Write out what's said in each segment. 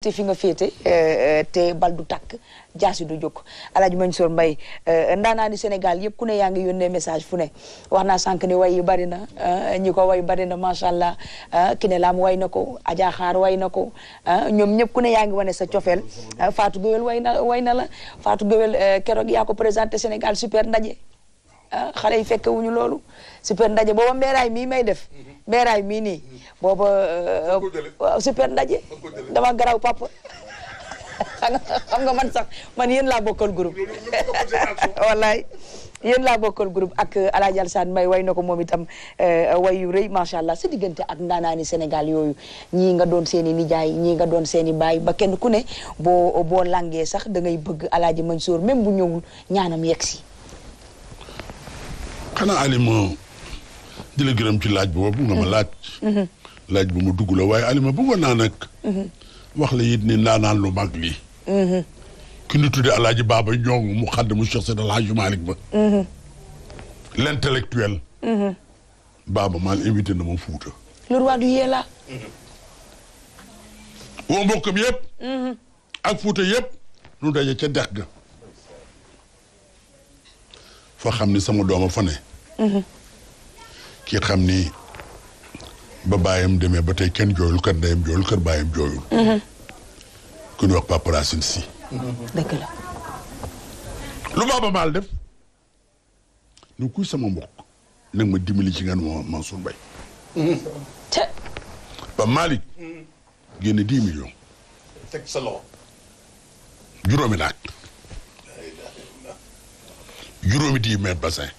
te fi nga féete euh, te bal du takk jaasi du jóg Alaaji Mansour Mbaye euh, ndaanaa ni Sénégal yëpp ku ne yaa ngi yónnee message fu ne wax naa sànq ni way yi bari na euh, ñi ko way bari na macha allah Kiné Lam way na ko Adja Xaar way na ko ñoom ñëpp ku ne yaa ngi wane sa cofeel Fatou Guewel way na way na la Fatou Guewel keroog yaa ko présenté Sénégal super ndaje xale yi fekke wuñu loolu super ndaje booba mbeeraay mii may def beeraay mii nii booba euh, euh, super ndaje dama garaw papa xam nga man sax man yéen laa bokkal groupe wallaay yéen laa bokkal groupe ak euh, Alaaji saan may way na ko moom itam way yu rëy macha allah sa diggante ak ndaanaani Sénégal yooyu ñii nga doon seeni i nijaay ñii nga doon seeni i baay ba kenn ku ne boo langee sax da ngay bëgg Alaaji Mansour même bu ñëwul ñaanam yegg si xanaa Alima di la ci laaj boobu nga ma mhm. laaj mhm. laaj bu mu dugg la waaye Alima bëggoon naa nag mhm. wax la it ni ndaanaan lu mag lii ki ñu alaaji baaba ñoŋ mu xadd mu Cheikh Seydi Alaaji Malick ba l'intellectuel baaba maa invité na ma fuuta le roi du Yela woo mbokkam yëpp ak fuuta yëpp nu daje ca dex ga fa xam ni sama dooma fa ne ki nga xam ni ba baayam demee ba tey kenn jooyul kër ndeyam jooyul kër baayam jooyul. Mhm. ku ñuy wax Papa Racine Sy. Mhm. dëgg la. Maal def nu kuy sama mbokk nag ma dimbali ci ngeen ma Mansour Mbaye. Mhm. te. ba Malick. génne dix juróomi naag. juróomi dix mètres bassin.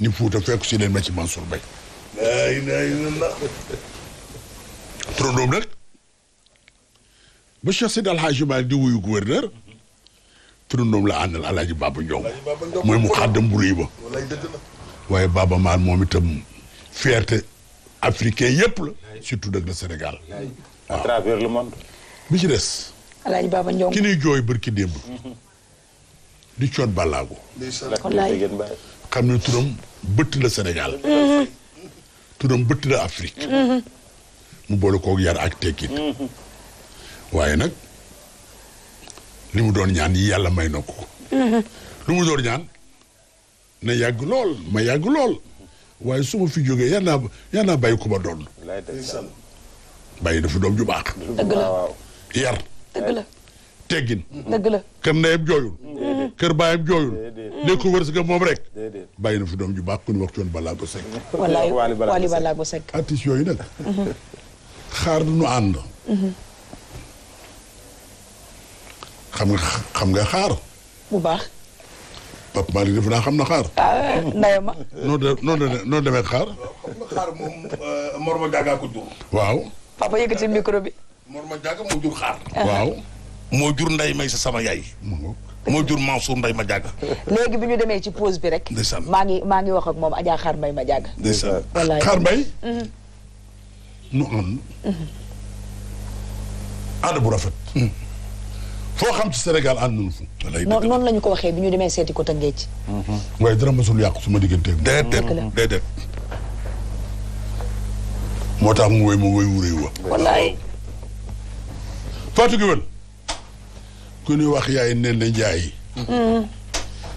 ni Fuuta fekk si leen ma ci Mansour Mbaye. laa ba Cheikh Seydi Alhaji di wuyu gouverneur turandoom la àndal Alhaji Baba Ndiongo mooy mu xàddam bu rëy ba. waaye Baba Maal moom itam fierté africain yëpp la surtout nag le Sénégal. à ki nuy jooy barki démb. Mhm. di coon ballaago. xam ne turam bëtt la Sénégal. Mhm. turam bëtt la Afrique. Mhm. mu boole koog yar ak teggin. Mhm. waaye nag li mu doon ñaan yàlla may na ko. lu mu doon ñaan na yàgg lool ma yàgg lool waaye su ma fi jógee yal naa yal naa bàyyi ko ma doon. bàyyi dafa doom ju baax. dëgg la yar. dëgg la teggin. dëgg la kam na yëpp jooyul. kër baayam jooyul. nekkul wërsëgam moom rek. bàyyi na doom ju baax ku ñu wax coon balaago sekk. wallaay wali balaago sekk. artistes yooyu nag. xaar nu ànd. Mm-hmm. xam nga xaar. bu baax. Pape Malick def naa xam na xaar. Ah, ma. noo de noo de noo demee xaar. xam nga xaar moom euh, Morma Diaga ko jur. waaw. papa yëkkati micro bi. Morma Diaga moo jur xaar. waaw. Ah. moo jur nday may sa sama yaay. moo jur Mansour mbay ma jàgg léegi bi ñu demee ci pause bi rek. maa ngi maa ngi wax ak moom Adja Xaar Mbaye ma jàgg ndeysaan Xaar Mbaye mhm. nu am. Mhm. bu rafet. Mhm. foo xam ci Sénégal ànd nañu fu. walaay dëgg noonu la ñu ko waxee bi ñu demee seeti ko Tëngéej. waaye dara mosul yàqu suma digganteeg. déedéet déedéet. moo tax mu wéy mu wéy wu réew wa. wallaay. Fatou ku ñuy wax yaay nen na njaay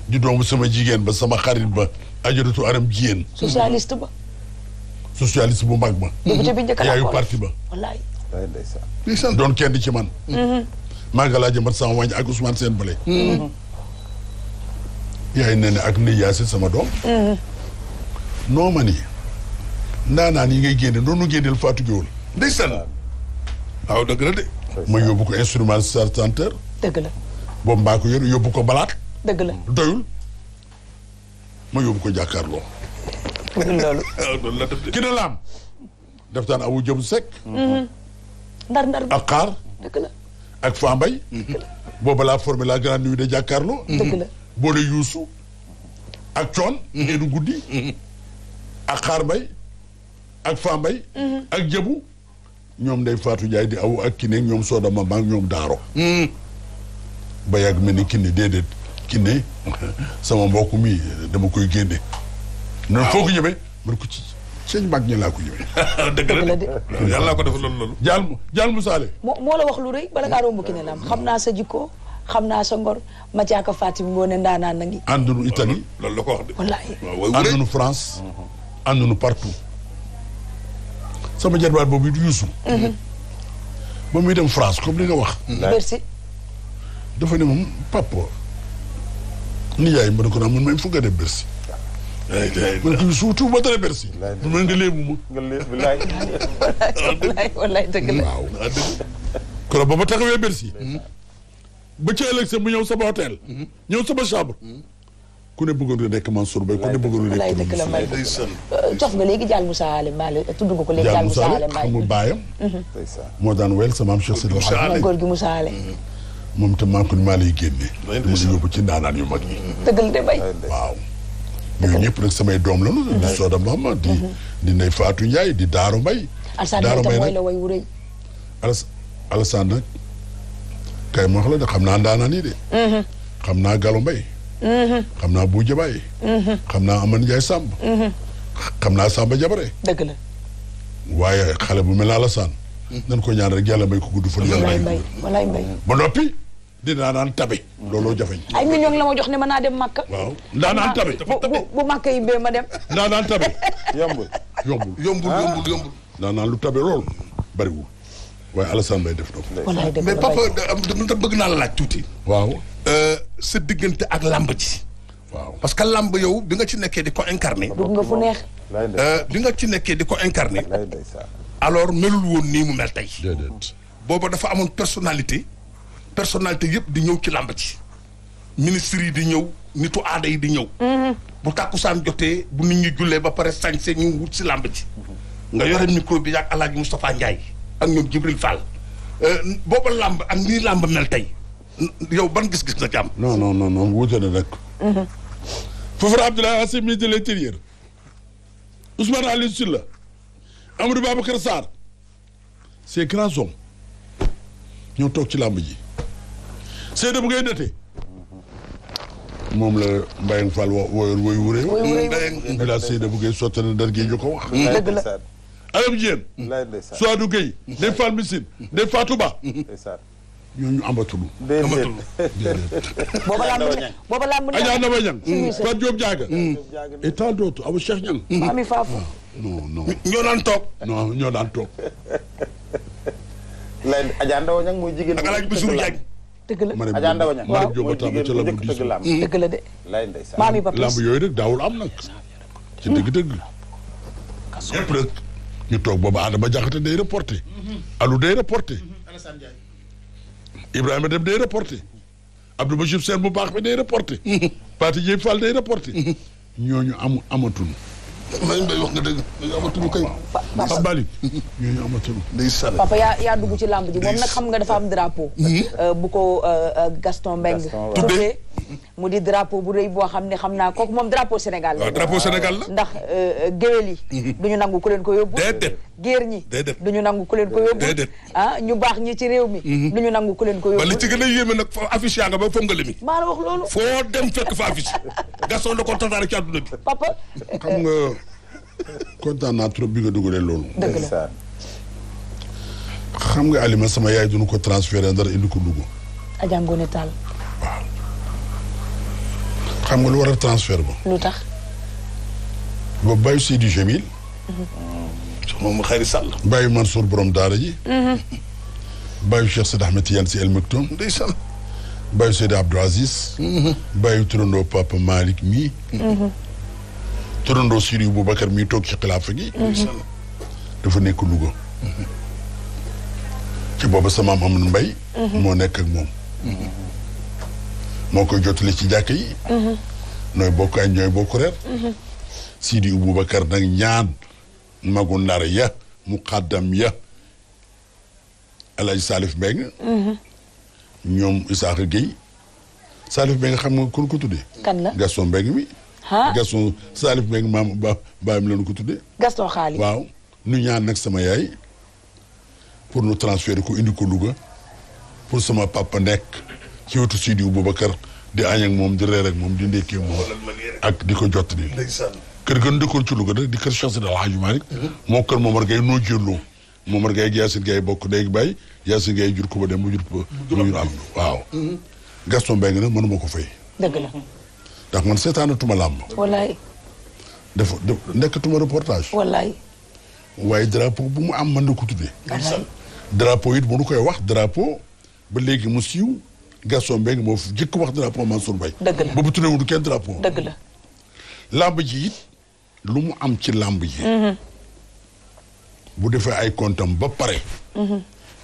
di doomu sama jigéen ba sama xarit ba ajaratu aram jigéen socialiste ba socialiste bu mag ma yaayu parti ba doon kenn ci man mm-hmm. maa ngi laa jëmbat sama wàññi ak Ousmane Sène Bale mm-hmm. yaay nen ak ni sama doom mm-hmm. noo ma nii ndaanaan yi ngay génne noonu génneel Fatou Gueye ndeysaan waaw dëgg la de ma yóbbu ko instrument chanteur dëgg la. boobu mbaa ko yor yóbbu ko balaat. dëgg la doyul ma yóbbu ko jàkkaarloo. Ah, la def ki ne laam. def daan awu jëm sek. Mhm. ndar ndar boobu la jàkkaarloo. Mhm. dëgg la boole yuusu. ak coon. neenu mhm. guddi. ak xaar mbay. ak Fambaye. ak jëbu ñoom day Fatou Ndiaye di awu ak Kiné ñoom Soda Mama ak ñoom Daaro. ba yàgg mel ni kinne déedéet kinne sama mbokk mi dama koy génne. waaw foo ko ñëwee man ko ci seen mag ko ñëwee. dëgg la de jaal mu jaal mu saale. moo la wax lu rëy bala ngaa romb kinne naam xam naa sa jikko. xam naa sa ngor Mathiaka Fatim Ngoné ndaanaan na ngi. àndunu Italie loolu la ko wax de. wallaahi àndunu France. àndunu partout. sama jarbaat boobu it Youssou. Mhm. ba muy dem France comme li nga wax. dafa ne moom papa nijaay ma ne ko naan mun may fukk a dem Bercy. ay ay man kii suuf tuuf ba dara Bercy. mu mel nga léebu ma. nga léebu walaay. walaay walaay dëgg la waaw. keroog ba ma taxawee Bercy. ba ca ëllëg sa mu ñëw sama hôtel. Mm-hmm. ñëw sama chambre. Mm-hmm. ku ne bëggoon nekk Mansour Mbaye ku ne bëggoon nekk dëgg la may cof euh, nga léegi Dial Moussa Allé Malick léegi tudd nga ko léegi Dial Moussa Allé Malick xamul baayam mm-hmm. moo daan wel sama maam Cheikh Sidi Moussa Allé góor gi Moussa Allé moom itam maa ko ni maa lay génne. dama la yóbbu ci ndaanaan yu mag yi. dëgg de bay waaw. ñooñu ñëpp nag samay doom la di Soda Mama di di Ndeye Fatou di Darou nag Alassane Alassane nag kay ma wax la xam naa ndaanaan yi mhm. xam naa Gallo Mbaye. Mhm. xam naa mhm. xam naa Amane Ndiaye Samb. xam naa waaye xale bu mel ne Alassane. ko ñaan rek yàlla may ko gudd fan. yàlla may ko dinaa daan tabe. loolu jafe. ay millions la ma jox ne ma naa dem Makka. waaw daa daan tabe bu bu bu Makka yi bee ma dem. daa daan tabe. yombul yombul yombul ah. yombul yombul. daa naan lu tabe lool bariwul. waaye Alassane lay def donc. mais papa euh, bëgg naa laaj tuuti. waaw. Euh, sa diggante ak làmb ji. waaw parce que lamb yow bi nga ci nekkee di ko incarné. dugg nga fu neex. Euh, bi nga ci nekkee di ko incarné. alors melul woon nii mu mel tey. booba dafa amoon personnalité. personnalité yëpp di ñëw ci làmb ci ministre yi di ñëw nitu aada yi di ñëw mhm. bu tàkkusaan jotee bu nit ñi jullee ba pare sañse ñu wut si làmb ci nga yore micro bi ak alaaji Moustapha Ndiaye ak ñoom Jibril Fall euh, booba làmb ak nii làmb mel tey yow ban gis-gis na ci am non non non non na nag mhm. foofu Abdoulaye Assane ministre de l'intérieur Ousmane Aliou Sylla Amadou Babacar Sarr ces grands hommes ñoo toog ci làmb ji seede bu ngay dëte moom la Mbayang Fall wo woyoon woy wuree bila seede bu ngay sottana dar géej ko wax dëgg la alam jiyéen Suwaadu Gueye ndey Fall Missine ndey Fatou Ba ñooñu ambatulu ambatulu booba laa mën booba laa mën Adja Ndaba Niang Fatou Diop mm. Diaga et tant d'autres Abou Cheikh Niang Mami mm. Fafou non non ñoo daan toog non ñoo daan toog lay Adja Ndaba Niang mooy jigéen ak Alaaji Basiru Diagne dëgg la Adja Ndawaña waaw mooy jigéen bu njëkk tëgg yooyu nag daawul am nag. ci dëgg-dëgg. ñu toog booba Adama Diakhaté day reporté. Alou day reporté. Ibrahima Dem day reporté. Abdou Bachir bu baax bi day reporté. Pati Dieye Fall day reporté. ñooñu amu amatuñu. maa ngi bay wax nga dëgg papa yaa dugg ci làmb ji moom nag xam nga dafa am drapeau. Hmm? Euh, bu ko euh, euh, Gaston Mbengue. tuddee mu di drapeau bu rëy boo xam ne xam naa kooku moom drapeau Sénégal la. drapeau Sénégal la. ndax géwél yi. Hmm. du ñu nangu ku leen ko yóbbu. déedéet géer ñi. déedéet du ñu nangu ku leen ko yóbbu. déedéet ah ñu baax ñi ci réew mi. Hmm. du ñu nangu ku leen ko yóbbu. ba ci gën a yéeme nag affiche yaa nga ba foog nga limi. maa la wax loolu. foo Gaston la ko tasaare ci àdduna bi. papa. xam nga kontaan naa trop bi nga dugalee loolu. dëgg la xam nga Alima sama yaay duñu ko transféré dara indi ko dugg. Adja Ngone Tall. waaw. nga lu war a transfert tax. ba bàyyi Seydi Jamil. moom xëy sàll. bàyyi Mansour borom daara ji. Mm-hmm. bàyyi Cheikh Sidi Ahmed Tidiane bàyyi Seydi Abdou Aziz mhm. bàyyi turandoo Papa Malick mii mhm. turandoo Siri Boubacar mii toog ci xilaafa gi mhm. dafa nekk Louga ci booba sama am Amadou Mbaye moo nekk ak moom moo koy jotale ci jàkk yi nooy bokk añ ñooy bokk reer Sidi Boubacar nag ñaan magu ya muqaddam ya Alaaji Salif Mbeng ñoom Isaaxa Guèye Salif Mbengue xam nga ku ko tuddee. kan la Gaston Mbengue mi. ah Gaston Salif Mbengue maam ba baayam la ñu ko tuddee. Gaston xaalis waaw. ñu ñaan nag sama yaay pour nu transférer ko indi ko Louga pour sama papa nekk ci wetu Sidiou Boubacar di añ moom di reer ak moom di ndékkee moom ak di ko jot nii. kër gën dëkkoon ci Louga rek di kër Cheikh Seydi El Hadji Malick mhm. moo kër Momar Gueye noo jëloo. Momar man ak Yacine Gaye bokk ndey ak baay Yacine Gaye jur Kumba dem mu jur mu jur am waaw mhm. Gaston Mbengue nag mënuma ko fay dëgg la ndax man seetaanatuma làmb wallaay dafa nekkatuma reportage wallaay waaye drapeau bu mu am mën na ko tuddee drapeau mu mënu koy wax drapeau ba léegi mu siiw Gaston Mbengue moo fi jëkk wax drapeau Mansour Mbaye dëgg la boobu tuddee wuñu kenn drapeau dëgg la làmb ji it lu mu am ci làmb ji mhm. bu defee ay comptam ba pare. Mhm.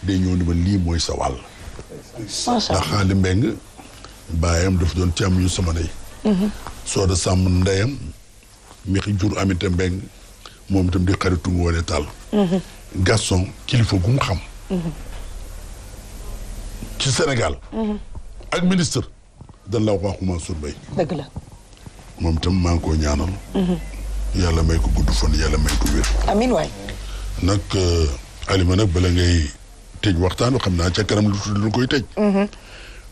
day ñëw ni ma lii mooy sa wàll. macha allah ndax xaali mbeng baayam daf doon ci yu sama ndey. Mhm. soo da sàmm ndeyam mi xi jur amita mbeng moom itam di xaritu mu wane taal. Gaston kilifa gu mu xam. Mhm. ci Sénégal. ak ministre. dañ la wax Mansour moom itam maa ngi koo ñaanal. yàlla may ko gudd fan yàlla may ko wér. nag euh, Alima nag bala ngay tëj waxtaan xam naa ca kanam lu tudd lu koy tëj. Mhm.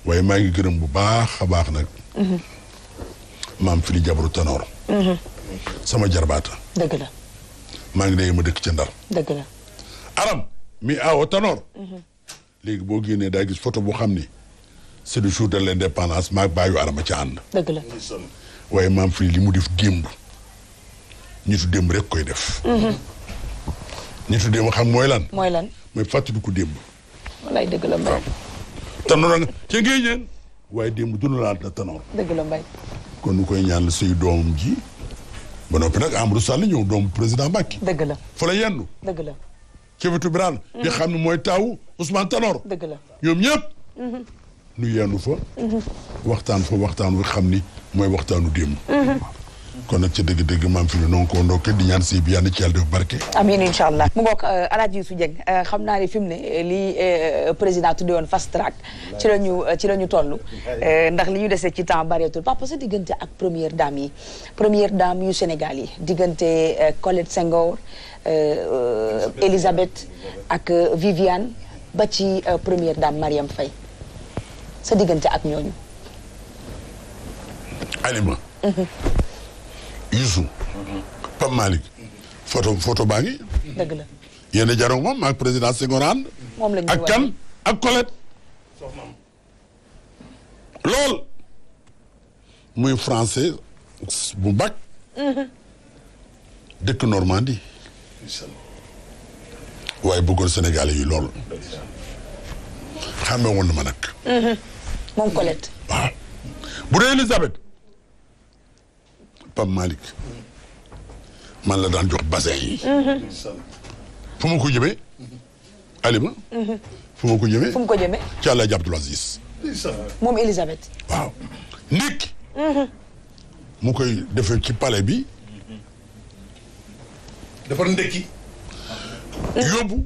waaye maa ngi gërëm bu baax a baax nag. Mhm. maam fi di jabaru tanoor. Mhm. sama jarbaata. dëgg la. maa ngi lay ma dëkk ca ndar. dëgg la. aram mi awo tanoor. léegi boo génnee daa gis photo boo xam ni c'est le jour de l'indépendance maa bàyyi arama ca ànd. dëgg la waaye maam fi li mu def démb ñitu démb rek koy def. nitu démb xam mooy lan. mooy lan mooy fàttaliku démb. walaay dëgg la mbay. tanoor nga ca ngeen ñeen waaye démb dundalaat la tanoor. dëgg la kon nu koy ñaanal suy doom ji ba noppi nag Amadou Sall ñëw doomu président Macky. dëgg la fa la yendu. dëgg mm-hmm. xam ne mooy taawu Ousmane Tanor. dëgg la ñoom ñëpp. Mm-hmm. nu yendu fa. Mm-hmm. waxtaan fa waxtaan wi xam ni mooy waxtaanu démb. kon nag ci dëgg-dëgg maam fi lu noonu ko ndokkee di ñaan si bi yàlla ci yàlla def barke amiin incha allah mu ngoog euh, Alaaji Youssou Dieng euh, xam naa ne fi mu ne euh, lii président tudde woon fast track ci la ñu ci la ñu toll ndax li ñu desee ci temps bareetul papa sa diggante ak première dame yi première dame yu Sénégal yi diggante Colette Senghor Elisabeth ak Viviane ba ci première dame Mariam Faye sa diggante ak ñooñu Youssou Pape Malick photo photo baa ngi. dëgg la yéen a président Senghor ak kan ak Colette. lool muy français bu bac. Mhm. dëkk Normandie. waaye bëggoon Sénégalais yi lool. xàmme woon na ma nag. Mhm. moom Colette. bu dee Elisabeth. Pape Malick man la daan jox bassin yi. fu ma ko jëmee. Alima. ma fu ma ko jëmee. ci Alaaji Abdul Aziz. moom Elisabeth. waaw mu koy defee ci palais bi. dafa ndekki. yóbbu.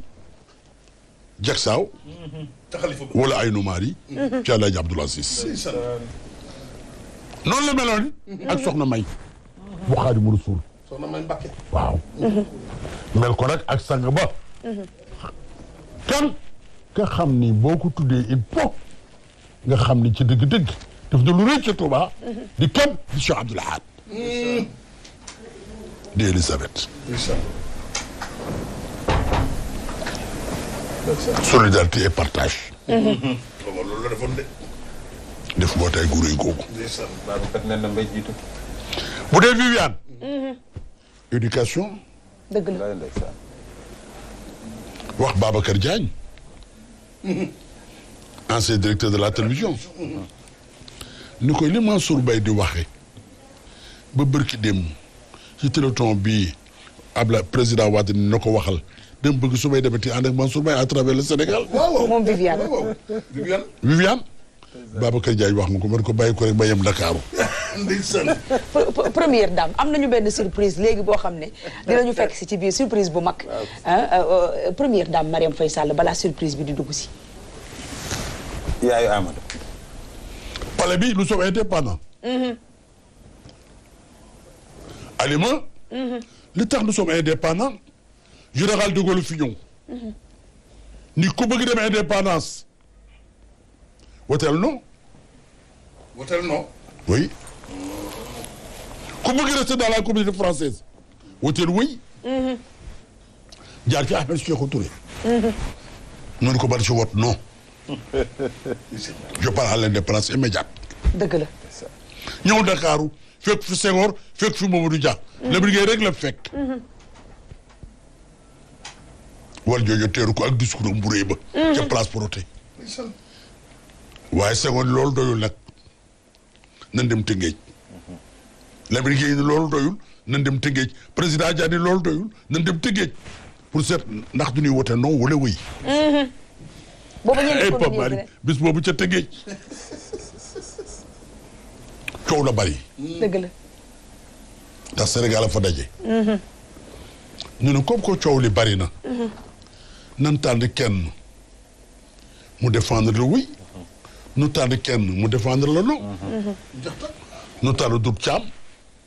jagsaaw. wala ay numaar yi. ci Alaaji Abdul Aziz. noonu la meloon. ak soxna May. bu Xaadimu Rasuul soxna waaw mel ko nag ak sang ba kan nga xam ni boo ko tuddee il faut nga xam ni ci dëgg-dëgg daf da lu rëy ca Tuuba di kan di Cheikh Abdoul Ahad di Élisabeth solidarité et partage def mbootaay gu googu bu dee Viviane. Mm-hmm. éducation. dëgg wax Babacar Diagne. Mm-hmm. ancien directeur de la télévision. Mm-hmm. ni koy li Mansour bay di waxe ba bërki démb ci téléthon bii Abla président Wade ni na ko waxal dem bëgg su may demati ànd ak Mansour à travers le Sénégal. waaw moom Viviane. Viviane. Viviane. Babacar wax nga ko man ko bàyyi ko rek ba yem Dakar. ndeysaan. première dame am nañu benn surprise léegi boo xam ne ñu fekk si ci biir surprise bu mag ah, ah, euh, euh, première dame Marième Faye Sall balaa surprise bi di dugg si yaayu Amadou palais bi nous sommes indépendants mm-hmm. Alima mm-hmm. li tax nous sommes indépendants général de fi ñëw mm-hmm. ni ku bëgg dem indépendance wotel non wotel non oui ku bëgg rester dans la communauté française woteel wëy jaar ci Ahmed Sékou Touré noonu ko bari ci wot non je parle à l'indépendance immédiate dëgg la ñëw Ndakaaru fekk fi Senghor fekk fi Mamadou Dia la bi ngay rek la fekk wal joojo teeru ko ak discours am bu ba ca place Protet waaye Senghor loolu doyul nag nan dem Tëngéej Lamine Gueye ni loolu doyul nañ dem tëggeej président Dia ni loolu doyul nañ dem tëggeej pour seet ndax du ñuy wote non wala wëy. Mm-hmm. Eh, bis boobu ca tëggeej coow la bari. dëgg ndax Sénégal a fa daje. Mm-hmm. ñu ne comme coow li bari na. Mm-hmm. nan tànn kenn mu défendre le oui. nu tànn kenn mu défendre le non. nu tànn Dut Thiam.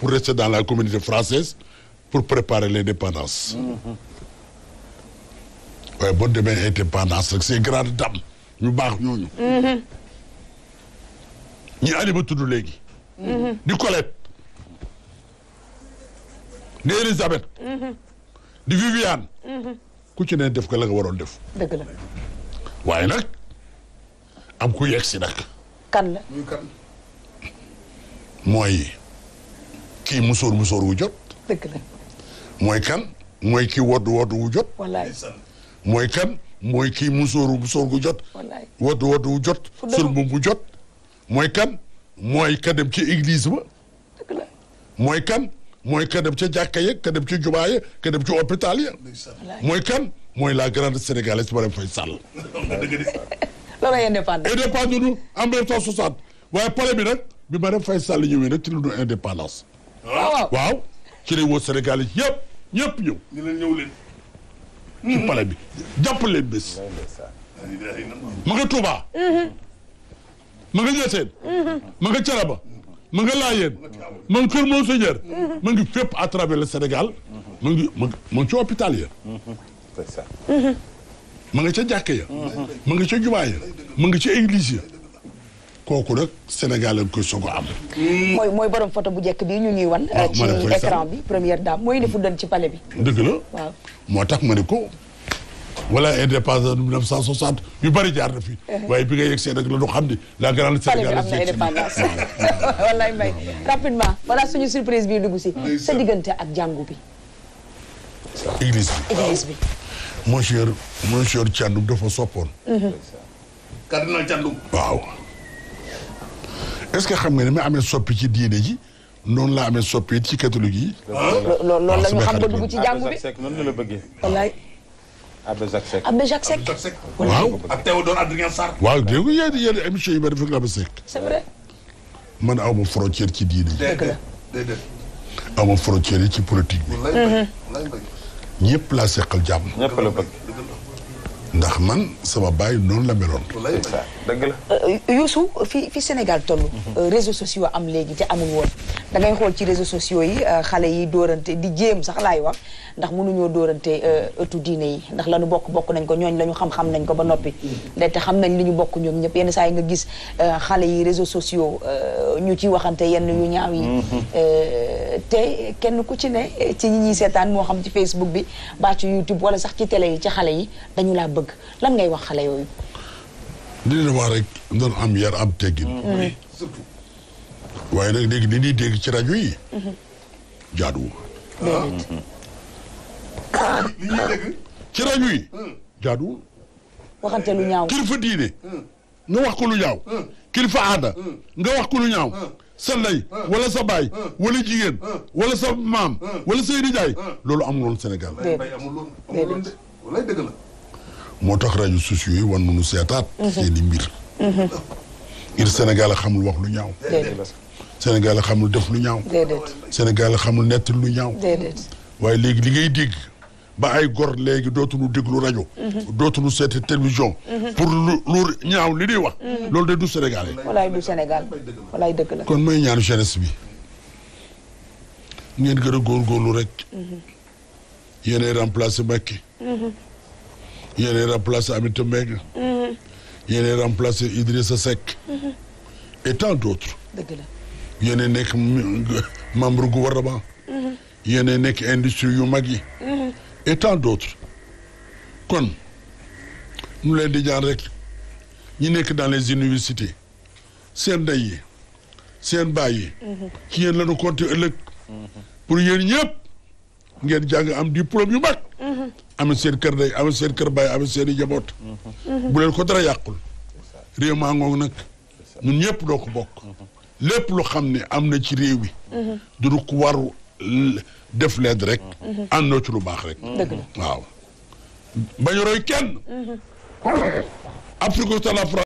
pour rester dans la communauté française pour préparer l'indépendance. waaye boo demee indépendance rek ces grandes dames ñu baax ñooñu. ñi Alima tudd léegi. di Colette. di Elisabeth. di Viviane. ku ci ne def ko la nga waroon def. waaye nag am ku yegg si nag. kii musóor musóor wu jot. dëgg la. mooy kan mooy kii woddu woddu wu jot. wallaay mooy kan mooy kii musóoru musóor gu jot. wallaay woddu woddu wu jot. sol mbubb bu jot. mooy kan mooy ka dem ci église ba. dëgg la mooy kan mooy ka dem ca jàkka ya ka dem ci jumaa ya ka dem ci hôpital ya. mooy kan mooy la grande sénégalaise Marième Faye Sall. loolu ay indépendance. indépendance nu en même temps 60 waaye pare bi nag bi Marième Faye Sall ñëwee nag ci la ñu indépendance. Ah. waaw ci lay woo Sénégal yëpp ñëpp ñëw. ñu leen ñëw leen. ci palais bi jàpp leen bés. ma nga Touba. Mhm. ma nga Niassène. Mhm. ma nga Thiénaba. ma nga Laayeen. ma nga Kër Monseigneur. Mhm. ma ngi fépp à travers le senegal ma ngi ma ma ci hôpital ya. c'est nga ca jàkka ya. nga ca jumaa ya. nga ca église kooku nag Sénégal lañ koy soog a am. mooy mooy borom bu njëkk bii ñu ñuy wan. Ah, eh, ci écran bi première dame mooy defu doon ci palais bi. dëgg moo tax ma ne ko. wala ay indépendance 1960 yu bëri jaar na fi. Uh-huh. waaye bi nga yegg see nag la ñu xam ne la grande Sénégal am na indépendance. wallaay Mbaye rapidement surprise bi dugg si. sa diggante ak jàngu bi. église bi église bi. monsieur monsieur Thiandoum dafa soppoon. Uh-huh. cardinal Thiandoum est-ce que xam nga ni ma amee soppi ci diine ji noonu laa amee soppi ci catholique yi. loolu la ñu ah, xam nga dugg ci jàngu bi noonu la bëggee. wallaay. Abbé Jacques Seck Abbé Jacques Seck. waaw ak Théodore Adrien Sarr. waaw dégg nga yéen yéen émission c'est vrai. man aw ma frontière ci diine ji. dëgg la yi ci politique bi. ñëpp laa seqal jàmm. ñëpp ndax man sama baay noonu la meloon. dëgg euh, euh, fi fi Sénégal toll. Mhm. Euh, réseaux sociaux am léegi ci amul woon. da ngay xool ci réseaux sociaux yi xale yi doorante di jéem sax laay wax ndax mënuñoo doorante ëttu diine yi ndax la bokk bokk nañ ko ñooñ lañu xam-xam nañ ko ba noppi. Mhm. te xam nañ li ñu bokk ñoom ñëpp yenn saa yi nga gis xale yi réseaux sociaux ñu ci waxante yenn yu ñaaw yi. Mhm. te kenn ku ci ne ci ñi ñuy seetaan moo xam ci Facebook bi ba ci YouTube sax ci télé yi ci xale yi bëgg lan ngay wax xale yooyu. di leen wax rek doon am yar am teggin. Mm-hmm. surtout. waaye nag léegi li ñuy ci rajo yi. Mm-hmm. jaaduwul. Ah. li ñuy dégg ci rajo yi. Mm. jaaduwul. waxante diine. Mm. nga wax ko lu ñaaw. Mm. kilifa aada. nga wax ko lu ñaaw. sa lay wala sa baay wala jigéen wala sa maam wala sa nijaay loolu amul woon Sénégal. moo tax rajo sociaux yi wan nañu seetaat. seen i mbir. ngir Sénégal xamul wax lu ñaaw. Sénégal xamul def lu ñaaw. Sénégal xamul nett lu ñaaw. waaye léegi li ngay dégg ba ay gor léegi dootuñu déglu rajo. Mhm. dootuñu seeti télévision. Mhm. pour lu ñaaw li di wax. Mhm. loolu de du Sénégal kon may ñaanu jeunesse bi ngeen gën a góorgóorlu rek. yéenay remplacé Macky. yéenay remplacer Aminata Mbengue. Mhm. yéenay remplacer Idrissa Seck. Mhm. et tant d'autres. dëgg la yéenay nekk membre gouvernement. Mhm. yéenay nekk industrie yu mag yi. et kon ñu leen di ñaan rek ñi nekk dans les universités seen ndey yi seen baay yi. ci yéen la ñu compter ëllëg. pour yéen ñëpp ngeen jàng am diplôme yu mag. am seen kër day am seen kër baay am seen i jaboot mm-hmm. bu leen ko dara yàqul réew maa ngoog nag ñun ñëpp doo ko bokk mm-hmm. lépp lu xam ne am na ci réew bi mm-hmm. du ko waru def leen rek àndoo ci lu baax rek waaw bañ a roy kenn Afrique